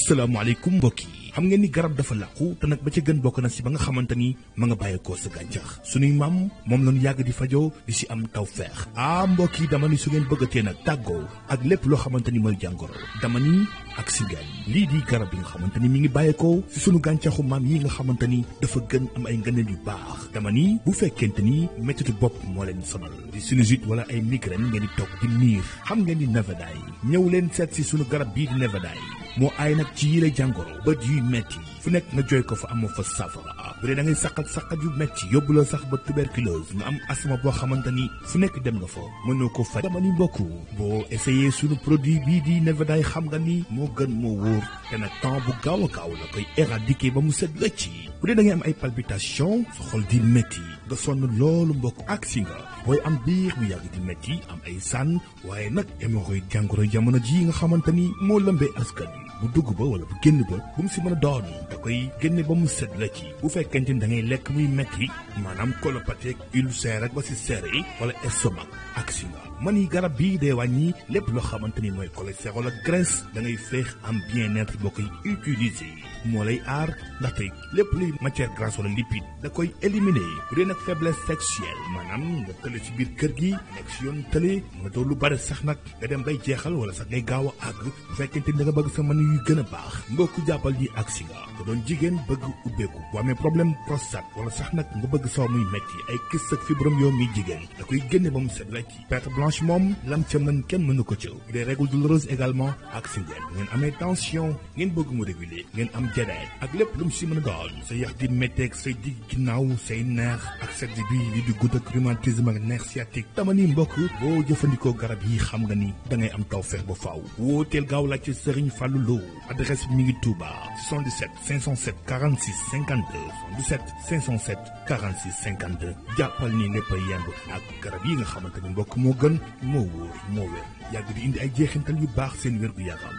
asalaamaaleykum mbokk yi xam ngeen ni garab dafa làqu te nag ba ca gën bokk na si ba nga xamante ni ma nga bàyyeekoo sa gàncax suñuy maam moom lañu yàgg di fajo di si am taw feex ah mbokk yi dama ni su ngeen bëggatee nag tàggoo ak lépp loo xamante ni mooy jàngoro dama ni ak si ngeen lii di garab yi nga xamante ni mi ngi bàyyeekoo suñu gàncaxu maam yi nga xamante ni dafa gën am ay ngëneel yu baax dama ni bu fekkente ni méttitu bopp moo leen sonal di sinusite wala ay migraine ngeen di toog di niir xam ngeen ni ñëw leen seet si suñu garab bii di nevedaay moo aay nag ci yile jàngoro bët yuy metti fu nekk nga jooy ko fu amoo fa safara bu dee da ngay saqat saqat yu metti yóbbu la sax ba tuberculose nga am asma boo xamante ni fu nekk dem nga fa mënoo ko faj dama ni mbokk boo essayé sunu produit bii di nevedaay xam nga ni moo gën moo wóor te nag temps bu gaaw a gaaw la koy éradiquer ba mu set wecc bu dee da am ay palpitation sa xol di metti nga sonn loolu mbokk ak si nga booy am biir bu yàgg di metti am ay sànn waaye nag hémorroïde jàngoro jamono ji nga xamante ni moo lëmbee askan wi bu dugg ba wala bu génn ba bu mu si man a doon da koy génne ba mu set la ci bu fekkente ni da ngay lekk muy metti maanaam colopathie ulcère ak ba si serre yi wala estomac ak sima man yi garab bii day wàññi lépp loo xamante ni mooy cholestérol ak graisse da ngay feex am bien-être boo koy utiliser moo lay aar ndaxte lépp luy matière grasse wala lipide da koy éliminer bu dee nag faiblesse sexuelle maanaam nga tële ci biir kër gi nekk ci yoon tële mënatoo lu bari sax nag nga dem bay jeexal wala sax ngay gaaw ak àgg bu fekkente ni da bëgg sa mën yu gën a baax mbokku jàppal ji ak siga nga doon jigéen bëgg ubbeeku bu amee problème prostate wala sax nag nga bëgg saw muy metti ay kis ak fibrom yoo muy jigéen da koy génne mu set Orange moom lam ca mën kenn mënu ko cëw des règles douloureuses également ak sindeen ngeen amee tension ngeen bëgg mu réguler ngeen am diabète ak lépp lu mu si mën a doon sa yax di métteeg say digg ginnaaw say neex ak sedd bi li di gudd ak rhumatisme ak nerf sciatique tamani mbokk boo jëfandikoo garab yi xam nga ni da ngay am tawfeex ba faaw wóoteel gaaw laaj ci Serigne Fallou lu adresse mi ngi Touba 77 507 46 52 77 507 46 52 jàppal ni lépp a yemb ak garab yi nga xamante mbokk moo gën moo wóor moo wér yàgg di indi ay jeexintal yu baax seen wér gu yaram